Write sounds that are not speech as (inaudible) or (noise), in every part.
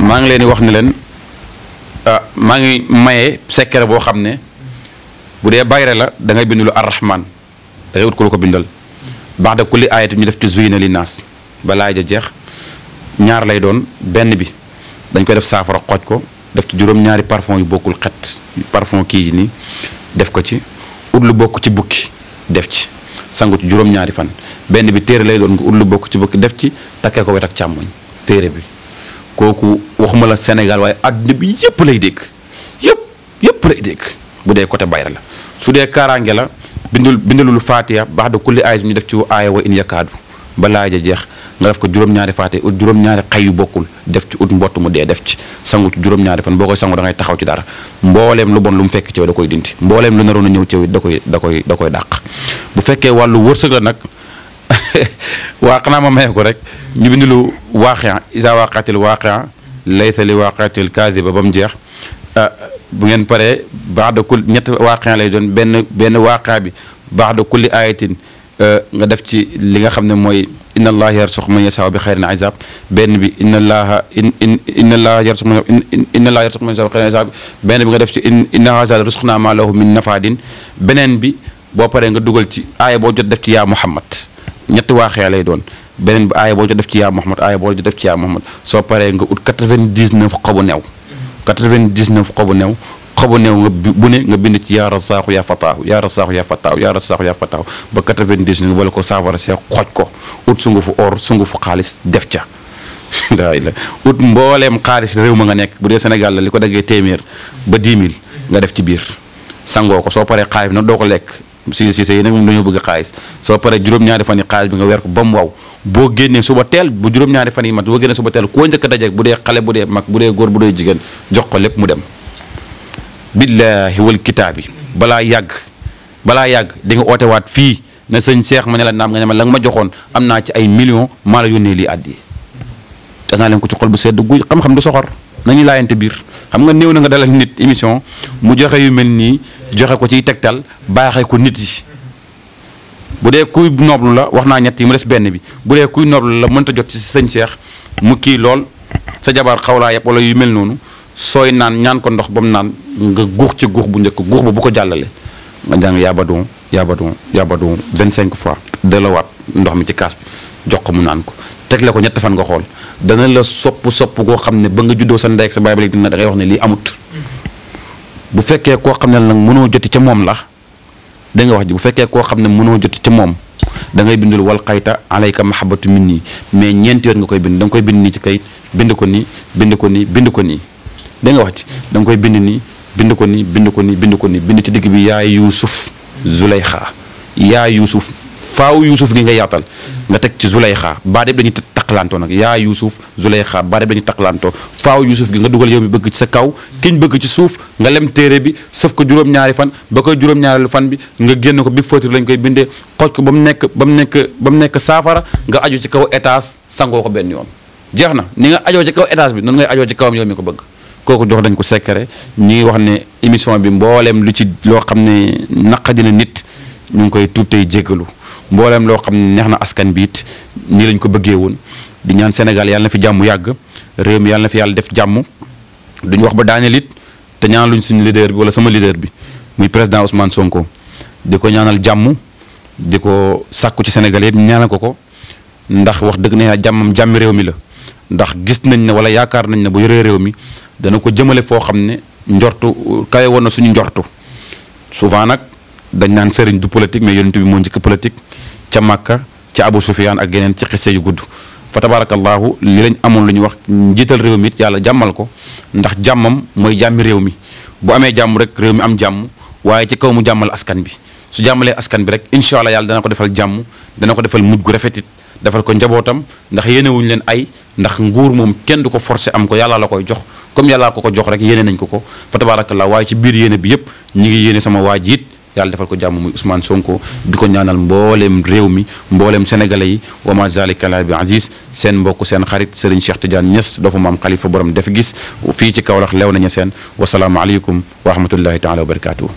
maa ngi leen di wax na leen ah, maa ngi maye secret boo xam ne bu dee bayre la dangay bindulu bind lu arrahman da ko lu ko bindal baax da kulli aayati ñu def ci zuyina li balaa ja jeex ñaar lay doon benn bi dañ koy def saafara xooj ko def ci juróom-ñaari parfum yu bokkul xet parfum kii nii def ko ci ut lu bokk ci bukki def ci sangu ci juróom-ñaari fan benn bi téere lay doon nga ut lu bokk ci bukki def ci takkee ko wet ak càmmoñ téere bi kooku waxuma la Sénégal waaye àdduna bi yëpp lay dégg yëpp yëpp lay dégg bu dee côté bayra la su dee kaaraange la bindul bindalul faatiya baax da kulli aaya ñu def ci aaya wa in yakaadu balaa ja jeex nga def ko juróom-ñaari faatiya ut juróom-ñaari xay yu bokkul def ci ut mbott mu dee def ci sangu ci juróom-ñaari fan boo koy sangu da taxaw ci dara mbooleem lu bon lu mu fekk ci yow da koy dindi mbooleem lu neroon a ñëw ci yow da koy da koy da koy dàq bu fekkee (laughs) waa xanaa ma maye ko rek ñu bind lu waaqiya isa waaqaatil waaqiya laysa li waaqaatil kaasiba ba mu jeex ah, bu ngeen pare baax kul ñett waaqiya lay doon benn benn waaqiya bi baax da kulli ayatin ah, nga def ci li nga xam ne mooy inna allaha yarsuq man yasaa bi xayrin bi inna allaha in in inna allaha yarsuq man inna allaha yarsuq man yasaa bi xayrin isab benn bi nga def ci inna haza risquna ma lahu min nafadin beneen bi boo paree nga dugal ci aaya boo jot def ci yaa muhammad ñetti waaxee lay doon beneen bi aaya boo ci def ci yaa Muhammad aaya boo ci def ci yaa Muhammad soo paree nga ut 99 xobu new 99 xobu new xobu new nga bu ne nga bind ci yaa rasaaxu yaa fataahu yaa rasaaxu yaa fataahu yaa rasaaxu yaa fataahu ba 99 nga boole ko saafara see xooj ko ut sungufu or sungufu xaalis def ca daay (laughs) la ut mbooleem xaalis réew ma nga nekk bu dee Sénégal la li ko daggee téeméer ba 10 nga def ci biir sangoo ko soo paree xaalis bi nag ko lekk si si yi nag moom dañoo bëgg xaalis soo paree juróom-ñaari fan yi xaalis bi nga weer ko ba mu waw boo génnee suba teel bu juróom-ñaari fan yi mat boo génnee suba teel koo njëkk a dajeeg bu dee xale bu dee mag bu dee góor bu dee jigéen jox ko lépp mu dem billaahi wal kitaabi balaa yàgg balaa yàgg di nga oote waat fii na sëñ seex ma ne la naam nga ne ma la ma joxoon am naa ci ay millions maa la yónnee lii àddi danaa leen ko ci xol bu sedd guy xam-xam du soxor nañu laayante biir xam nga néew na nga dalal nit émission mu joxe yu mel nii joxe ko ciy tegtal baaxee ko nit yi bu dee kuy nooblu la wax naa ñett mu des benn bi bu dee kuy nooblu la mënta jot ci sëñ Cheikh mu kii lool sa jabar xaw laa yëpp yu mel noonu sooy naan ñaan ko ndox ba mu naan nga guux ci guux bu njëkk guux ba bu ko jàllale nga jàng yaabadon yaabadon vingt 25 fois delloowaat ndox mi ci kaas bi jox ko mu naan ko tegle ko ñett fan nga xool dana la sopp sopp koo xam ne ba nga juddoo sa ndey ak sa baay ba léegi dina da ngay wax ne lii amut bu fekkee koo xam ne nag mënoo jot ca moom la da nga wax ji bu fekkee koo xam ne mënoo joti ca da ngay bindul wal xayta alayka mahabatu min nii mais ñeenti yoon nga koy bind da nga koy bind nii ci kay bind ko nii bind ko nii bind ko nii da nga wax ci da koy bind nii bind ko nii bind ko nii bind ko nii bind ci digg bi yaa yuusuf zulayxa yaa yuusuf faaw Youssouf gi nga yaatal nga teg ci Zuleyxa baa deb dañuy takkalantoo nag yaa Youssouf Zuleyxa baa deb dañuy takkalantoo faaw Youssouf gi nga dugal yow mi bëgg ci sa kaw kiñ bëgg ci suuf nga lem téere bi sëf ko juróom-ñaari fan ba koy juróom-ñaareelu fan bi nga génn ko bi fóotir lañ koy bindee xooj ko ba mu nekk ba mu nekk ba mu nekk saafara nga aju ci kaw étage sangoo ko benn yoon jeex na ni nga ajoo ci kaw étage bi noonu ngay ajoo ci kawam yow ko bëgg kooku jox dañ ko secret ñi ngi wax ne émission bi mbooleem lu ci loo xam ne naqadina nit ñu ngi koy tuub tey mbooleem loo xam ne neex na askan bi it nii lañ ko bëggee woon di ñaan Sénégal yàlla na fi jàmm yàgg réew mi yàlla na fi yàlla def jàmm duñ wax ba daaneel it te ñaan luñ suñu leader bi wala sama leader bi muy président Ousmane Sonko di ko ñaanal jàmm di ko sàkku ci Sénégal yëpp ñaanal ko ko ndax wax dëgg na jàmmam jàmmi réew mi la ndax gis nañ ne wala yaakaar nañ ne bu yoree réew mi dana ko jëmale foo xam ne njortu kawe woon na suñu njortu souvent nag dañ naan sëriñ du politique mais yonent bi moo njëkk ca Makka ca Abu Sufyaan ak yeneen ci xiste yu gudd fa tabaarakallaahu li lañ amoon lu ñuy wax njiital réew mi it yàlla jàmmal ko ndax jàmmam mooy jàmmi réew mi bu amee jàmm rek réew mi am jàmm waaye ci kaw mu jàmmal askan bi su jàmmalee askan bi rek incha allah yàlla dana ko defal jàmm dana ko defal mujj gu rafetit defal ko njabootam ndax yéenewuñu leen ay ndax nguur moom kenn du ko force am ko yàlla la koy jox comme yàllaa ko ko jox rek yéene nañ ko ko fa tabaarakallaahu waaye ci biir yéene bi yépp ñi ngi yéene sama waaj it yàlla defal ko jàmm muy Ousmane Sonko di ko ñaanal mbooleem réew mi mboolem sénégalais yi wa ma zalika la bi aziz seen mbokk seen xarit Serigne Cheikh Tidiane Niass doofu maam xalifa borom def gis fii ci Kaolack lew nañu seen wasalaamualeykum wa rahmatullahi taala wa barakatuhu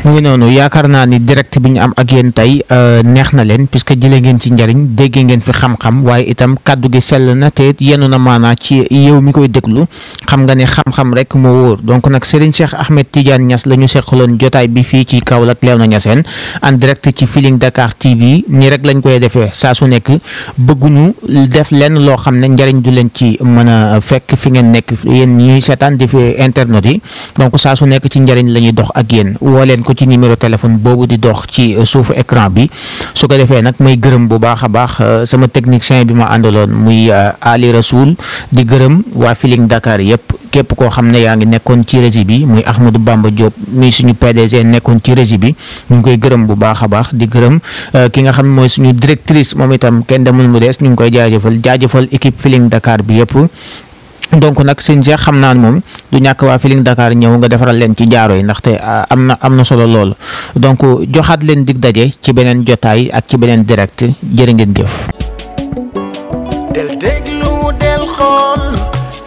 mu ngi noonu yaakaar naa ni direct bi ñu am ak yéen tey euh, neex na leen puisque jëlee ngeen ci njariñ dégge ngeen fi xam-xam waaye itam kàddu gi sell na te yenu na maanaa ci yow mi koy déglu xam nga ni xam-xam rek moo wóor donc nag Serigne Cheikh Ahmed Tidiane ñas la ñu seqaloon jotaay bi fii ci Kaolack Léona Niassène en direct ci Feeling Dakar TV nii rek lañ koy defee saa su nekk bëgguñu def leen loo xam ne njariñ du leen ci mën a fekk fi ngeen nekk yéen ñuy seetaan di yi donc saa su nekk ci njariñ la ñuy dox ak yéen ko ci numéro téléphone boobu di dox ci euh, suufu écran bi su ko defee nag may gërëm bu baax a baax euh, sama technicien bi ma àndaloon muy euh, Ali Rasoul di gërëm waa Feeling Dakar yëpp képp koo xam ne yaa ngi nekkoon ci régie bi muy Ahmadou Bamba Diop muy suñu PDG nekkoon ci régie bi ñu ngi koy gërëm bu baax a baax di gërëm ki nga xam mooy suñu directrice moom itam kenn demul mu des ñu ngi koy jaajëfal jaajëfal équipe Feeling Dakar bi yëpp donc nag sëñ Cheikh xam naa ne moom du ñàkk waa Feeling Dakar ñëw nga defaral leen ci jaaro yi ndaxte ah, am na am na solo loolu donc joxaat leen dig daje ci beneen jotaay ak ci beneen direct jërë ngeen jëf. del déglu del xool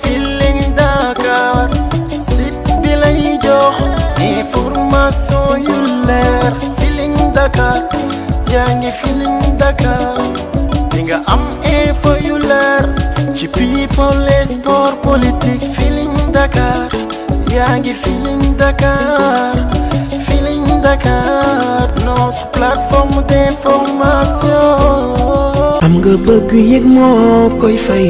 Feeling Dakar yaa ngi Feeling Dakar di am info yu leer. ci people et sport politique Feeling Dakar yaa ngi Feeling Dakar Feeling Dakar notre plateforme d'information nga bëgg yëg moo koy fay.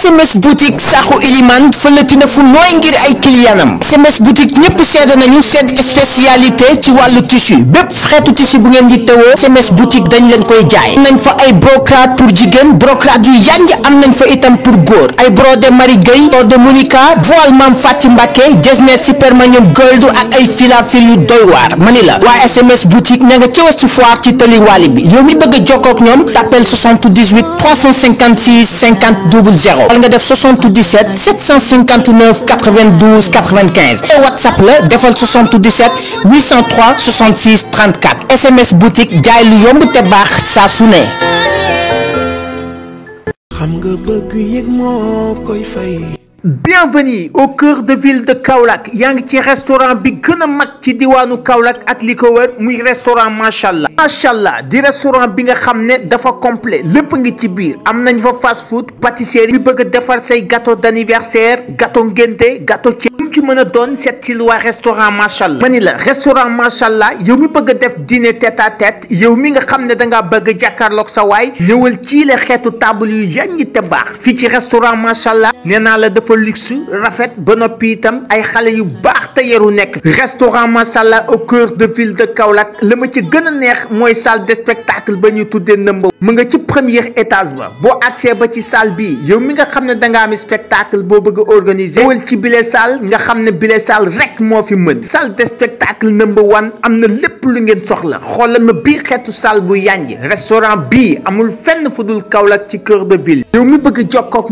SMS boutique saxu Iliman fëlatina fu nooy ngir ay clientam SMS boutique ñëpp seede nañu seen spécialité ci wàllu tissu bépp xeetu tissu bu ngeen di tewoo SMS boutique dañ leen koy jaay nañ fa ay brocart pour jigéen brocart yu yanj am nañ fa itam pour góor ay brodé Marie Gueye brodé Monica voile Mame Faty Mbacké jesner supermanium gold ak ay filafil yu doy waar mani la waa SMS boutique ña nga ci Ouest Foire ci tëli bi yow mi bëgg 78 356 50 00 nga def 77 759 92 95 et WhatsApp la defal 77 803 66 34 SMS boutique jaay lu yomb te baax saa su ne. bienvenue au cœur de ville de Kaolack yaa ngi ci restaurant bi gën a mag ci diwaanu Kaolack ak li ko wër muy restaurant macha allah macha allah di restaurant bi nga xam ne dafa complet lépp ngi ci biir am nañ fa fast food pâtisserie bi bëgg a defar say gâteau d'anniversaire gato ngénte gato ci mën a doon seet ci ma ni la restaurant machallah yow mi bëgg a def dîner tête yow mi nga xam ne dangaa bëgg a jàkkaarloog sa waay ñëwal ci la xeetu table yu yàññi te baax fii ci restaurant machallah nee naa la dafa luxe rafet ba noppi itam ay xale yu baax te yaru nekk restaurant masala au cœur de ville de Kaolack la ma ci gën a neex mooy salle de spectacle ba ñu tuddee nëmba mu nga ci premier étage ba boo accès ba ci salle bi yow mi nga xam ne da nga am spectacle boo bëgg a organiser wal ci bile salle nga xam ne bile salle rek moo fi mën salle de spectacle nëmba wan am na lépp lu ngeen soxla xoolal ma bii xeetu salle bu yànj restaurant bii amul fenn fu dul ci cœur de ville yow mi bëgg jokkook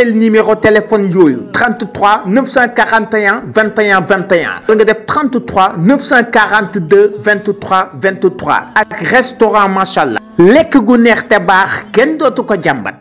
appel numéro téléphone yooyu 33 941 21 21 da nga def 33 942 23 23 ak restaurant macha allah lekk gu neex te baax kenn dootu ko jàmbat.